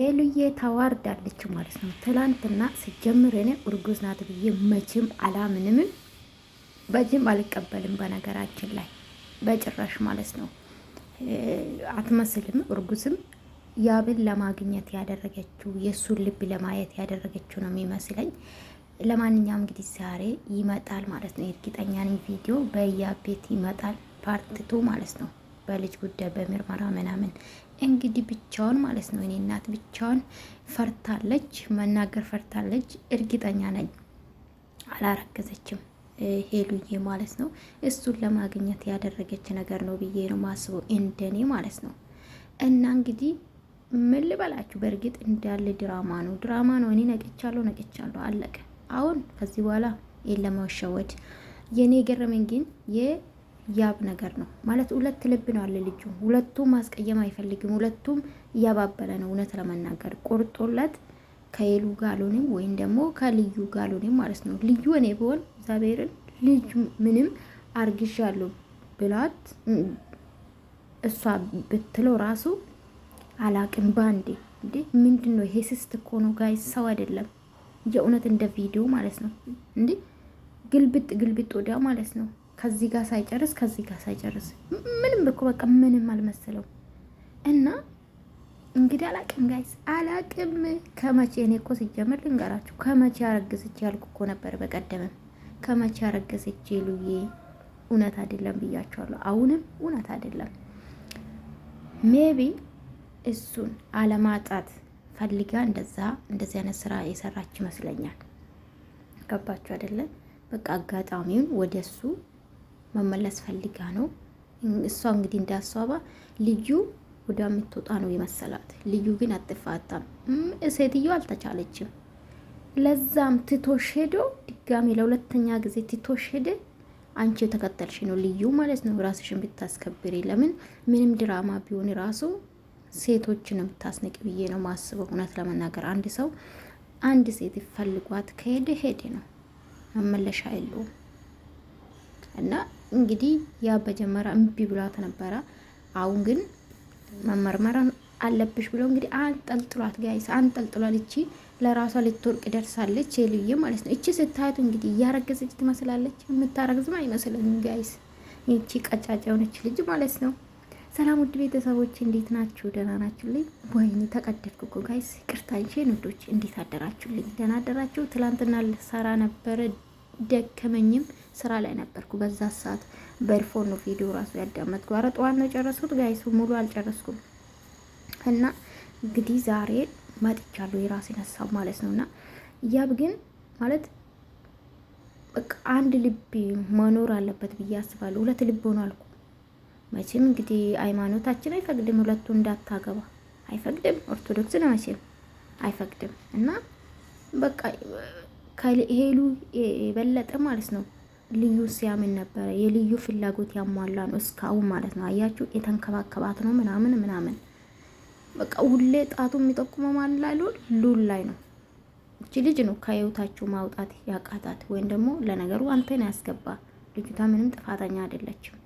ሄሉዬ ታዋርዳለች ማለት ነው። ትላንትና ስጀምር እኔ እርጉዝ ናት ብዬ መቼም አላምንም በጅም አልቀበልም። በነገራችን ላይ በጭራሽ ማለት ነው። አትመስልም። እርጉዝም ያብን ለማግኘት ያደረገችው የእሱን ልብ ለማየት ያደረገችው ነው የሚመስለኝ። ለማንኛውም እንግዲህ ዛሬ ይመጣል ማለት ነው። የእርግጠኛ ነኝ ቪዲዮ በያቤት ይመጣል ቱ ማለት ነው። በልጅ ጉዳይ በምርመራ ምናምን እንግዲህ ብቻውን ማለት ነው። እኔ እናት ብቻውን ፈርታለች፣ መናገር ፈርታለች። እርግጠኛ ነኝ አላረገዘችም ሄሉዬ ማለት ነው። እሱን ለማግኘት ያደረገች ነገር ነው ብዬ ነው ማስበው እንደኔ ማለት ነው። እና እንግዲህ ምን ልበላችሁ፣ በእርግጥ እንዳለ ድራማ ነው ድራማ ነው። እኔ ነቅቻለሁ ነቅቻለሁ፣ አለቀ። አሁን ከዚህ በኋላ የለመሸወድ የእኔ ገረመኝ ግን ያብ ነገር ነው ማለት ሁለት ልብ ነው አለ ልጁ። ሁለቱም ማስቀየም አይፈልግም። ሁለቱም እያባበለ ነው እውነት ለመናገር ቆርጦለት ከሄሉ ጋር አልሆንም ወይም ደግሞ ከልዩ ጋር አልሆንም ማለት ነው። ልዩ እኔ ብሆን እግዚአብሔርን ልጅ ምንም አርግሻለሁ ብላት እሷ ብትለው ራሱ አላቅም ባንዴ እንዴ ምንድን ነው ይሄ? ስስት እኮ ነው ጋይ ሰው አይደለም። የእውነት እንደ ቪዲዮ ማለት ነው እንዴ ግልብጥ ግልብጥ ወዲያ ማለት ነው። ከዚህ ጋር ሳይጨርስ ከዚህ ጋር ሳይጨርስ ምንም እኮ በቃ ምንም አልመሰለው እና እንግዲህ አላቅም ጋይስ አላቅም። ከመቼ እኔ እኮ ሲጀምር ልንገራችሁ ከመቼ አረገዘች ያልኩ እኮ ነበር። በቀደምም ከመቼ አረገዘች ሉዬ እውነት አይደለም ብያቸዋለሁ። አሁንም እውነት አይደለም። ሜቢ እሱን አለማጣት ፈልጋ እንደዛ እንደዚህ አይነት ስራ የሰራች ይመስለኛል። ገባችሁ አይደለም? በቃ አጋጣሚውን ወደ እሱ መመለስ ፈልጋ ነው። እሷ እንግዲህ እንዳሷባ ልዩ ወደ የምትወጣ ነው የመሰላት። ልዩ ግን አጥፋታም። ሴትዮ አልተቻለችም። ለዛም ትቶሽ ሄዶ ድጋሜ ለሁለተኛ ጊዜ ትቶሽ ሄደ። አንቺ ተከተልሽ ነው ልዩ ማለት ነው። ራስሽን ብታስከብሪ ለምን ምንም ድራማ ቢሆን ራሱ ሴቶችን የምታስነቅ ብዬ ነው ማስበው። እውነት ለመናገር አንድ ሰው አንድ ሴት ይፈልጓት ከሄደ ሄደ ነው መመለሻ የለውም እና እንግዲህ ያ በጀመራ እምቢ ብሏት ነበረ። አሁን ግን መመርመር አለብሽ ብሎ እንግዲህ አንጠልጥሏት፣ ጋይስ አንጠልጥሏል። እቺ ለራሷ ልትወርቅ ደርሳለች፣ ሄሉዬ ማለት ነው። እቺ ስታዩት እንግዲህ እያረገዘች ትመስላለች፣ የምታረግዝም አይመስለኝም ጋይስ። ይቺ ቀጫጫ የሆነች ልጅ ማለት ነው። ሰላም ውድ ቤተሰቦች እንዴት ናችሁ? ደህና ናችሁልኝ? ወይኔ ተቀደድኩ እኮ ጋይስ፣ ይቅርታ። ንዶች እንዴት አደራችሁልኝ? ደህና አደራችሁ? ትላንትና ልሰራ ነበረ ደከመኝም ስራ ላይ ነበርኩ በዛ ሰዓት። በርፎን ነው ቪዲዮ ራሱ ያዳመጥኩ። ኧረ ጠዋት ነው የጨረስኩት ጋይሱ፣ ሙሉ አልጨረስኩም። እና እንግዲህ ዛሬ መጥቻለሁ የራሴን ሀሳብ ማለት ነው። እና ያብ ግን ማለት በቃ አንድ ልብ መኖር አለበት ብዬ አስባለሁ። ሁለት ልብ ሆኖ አልኩ። መቼም እንግዲህ ሃይማኖታችን አይፈቅድም ሁለቱ እንዳታገባ አይፈቅድም። ኦርቶዶክስ ነው መቼም አይፈቅድም እና በቃ ከሄሉ የበለጠ ማለት ነው ልዩ ሲያምን ነበረ። የልዩ ፍላጎት ያሟላ ነው እስካሁን ማለት ነው። አያችሁ የተንከባከባት ነው ምናምን ምናምን በቃ ሁሌ ጣቱ የሚጠቁመው ማላሉ ሉል ላይ ነው። እቺ ልጅ ነው ከህይወታችሁ ማውጣት ያቃታት ወይም ደግሞ ለነገሩ አንተን ያስገባ ልጅቷ ምንም ጥፋተኛ አይደለችም።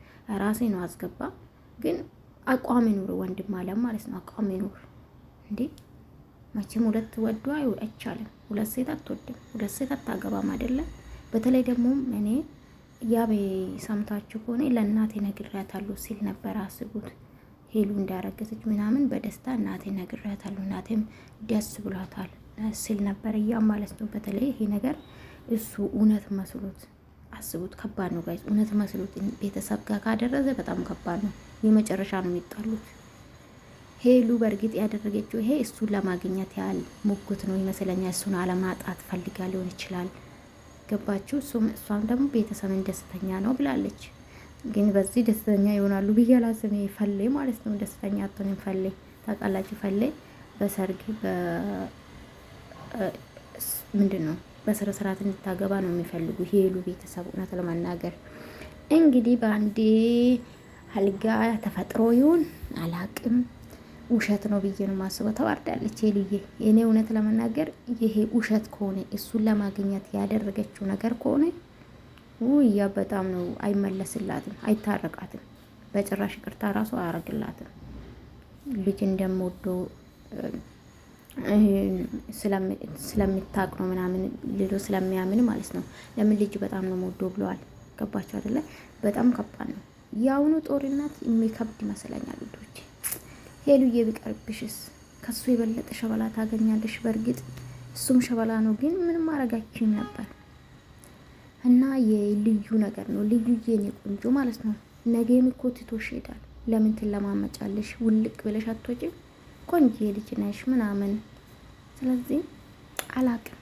ራሴ ነው አስገባ። ግን አቋም ይኑር ወንድም አለም ማለት ነው። አቋም ይኑር እንዴ መቼም ሁለት ወዶ አይቻልም። ሁለት ሴት አትወድም፣ ሁለት ሴት አታገባም አይደለም። በተለይ ደግሞ እኔ ያቤ ሰምታችሁ ከሆነ ለእናቴ ነግሬያታለሁ ሲል ነበር። አስቡት ሄሉ እንዳረገዘች ምናምን በደስታ እናቴ ነግሬያታለሁ፣ እናቴም ደስ ብሏታል ሲል ነበር። እያ ማለት ነው። በተለይ ይሄ ነገር እሱ እውነት መስሎት አስቡት። ከባድ ነው ጋይዝ፣ እውነት መስሎት ቤተሰብ ጋር ካደረሰ በጣም ከባድ ነው። የመጨረሻ ነው የሚጣሉት። ሄሉ በእርግጥ ያደረገችው ይሄ እሱን ለማግኘት ያህል ሙጉት ነው ይመስለኛል። እሱን አለማጣት ፈልጋ ሊሆን ይችላል። ገባችሁ? እሷም ደግሞ ቤተሰብን ደስተኛ ነው ብላለች። ግን በዚህ ደስተኛ ይሆናሉ ብዬ ላስሜ ፈሌ ማለት ነው። ደስተኛ አትሆንም ፈሌ። ታውቃላችሁ ፈሌ በሰርግ ምንድን ነው በስነ ስርዓት እንድታገባ ነው የሚፈልጉ ሄሉ ቤተሰብ። እውነት ለመናገር እንግዲህ በአንዴ አልጋ ተፈጥሮ ይሆን አላቅም ውሸት ነው ብዬ ነው ማስበው። ተዋርዳለች ሄሉዬ። እኔ እውነት ለመናገር ይሄ ውሸት ከሆነ እሱን ለማግኘት ያደረገችው ነገር ከሆነ ውያ በጣም ነው አይመለስላትም፣ አይታረቃትም፣ በጭራሽ ቅርታ ራሱ አያረግላትም። ልጅ እንደምወዶ ስለምታቅ ነው ምናምን ልሎ ስለሚያምን ማለት ነው። ለምን ልጅ በጣም ነው ወዶ ብለዋል። ገባቸው አደለ? በጣም ከባድ ነው። የአሁኑ ጦርነት የሚከብድ ይመስለኛል ልጆች ሄሉዬ ቢቀርብሽስ ከሱ የበለጠ ሸበላ ታገኛለሽ። በእርግጥ እሱም ሸበላ ነው፣ ግን ምንም ማረጋችን ነበር እና የልዩ ነገር ነው ልዩዬ፣ የኔ ቆንጆ ማለት ነው። ነገም እኮ ትቶሽ ይሄዳል። ለምን ትለማመጫለሽ? ውልቅ ብለሽ አትወጪም? ቆንጆ ልጅ ነሽ ምናምን። ስለዚህ አላቅም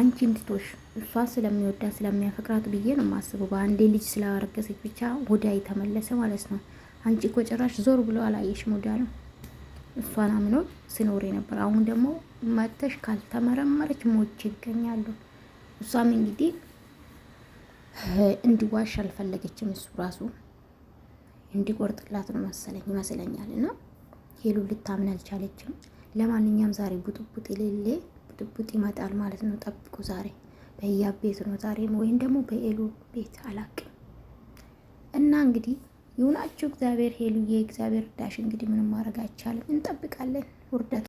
አንቺ ትቶሽ እሷ ስለሚወዳ ስለሚያፈቅራት ብዬ ነው የማስበው። በአንዴ ልጅ ስላረገሰች ብቻ ወዳ የተመለሰ ማለት ነው። አንቺ እኮ ጭራሽ ዞር ብሎ አላየሽ ሙዳ ነው እሷን አምኖ ሲኖር ነበር። አሁን ደግሞ መተሽ ካልተመረመረች ሞች ይገኛሉ። እሷም እንግዲህ እንዲዋሽ አልፈለገችም። እሱ ራሱ እንዲቆርጥላት ነው መሰለኝ ይመስለኛል። እና ሄሉ ልታምን አልቻለችም። ለማንኛውም ዛሬ ቡጥቡጥ ሌሌ ቡጥቡጥ ይመጣል ማለት ነው። ጠብቁ። ዛሬ በያ ቤት ነው ዛሬ ወይም ደግሞ በኤሉ ቤት አላቅም እና እንግዲህ ይሁናችሁ። እግዚአብሔር ሄሉዬ፣ እግዚአብሔር እርዳሽ። እንግዲህ ምንም ማድረግ አይቻልም። እንጠብቃለን ውርደት